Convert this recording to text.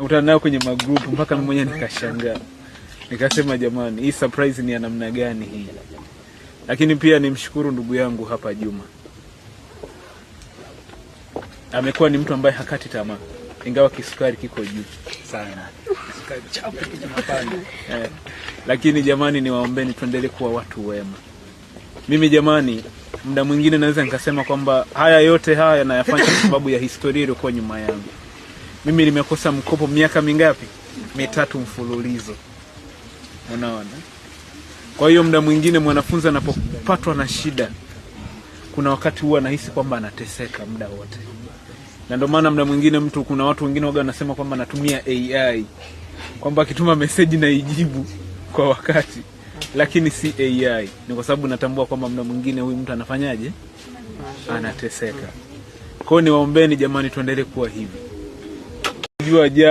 nakutana nayo kwenye magrupu mpaka mmoja nikashangaa, nikasema jamani, hii surprise ni ya namna gani hii? Lakini pia nimshukuru ndugu yangu hapa Juma, amekuwa ni mtu ambaye hakati tamaa, ingawa kisukari kiko juu sana eh, lakini jamani, niwaombeni tuendelee kuwa watu wema. Mimi jamani, muda mwingine naweza nikasema kwamba haya yote haya nayafanya kwa sababu ya historia iliyokuwa nyuma yangu mimi nimekosa mkopo miaka mingapi? Mitatu mfululizo, unaona. Kwa hiyo muda mwingine mwanafunzi anapopatwa na shida, kuna wakati huwa anahisi kwamba anateseka muda wote, na ndio maana muda mwingine mtu, kuna watu wengine waga wanasema kwamba anatumia AI kwamba akituma meseji na ijibu kwa wakati, lakini si AI. Ni kwa sababu natambua kwamba muda mwingine huyu mtu anafanyaje, anateseka. Kwa hiyo niwaombeni jamani, tuendelee kuwa hivi kujua ajabu.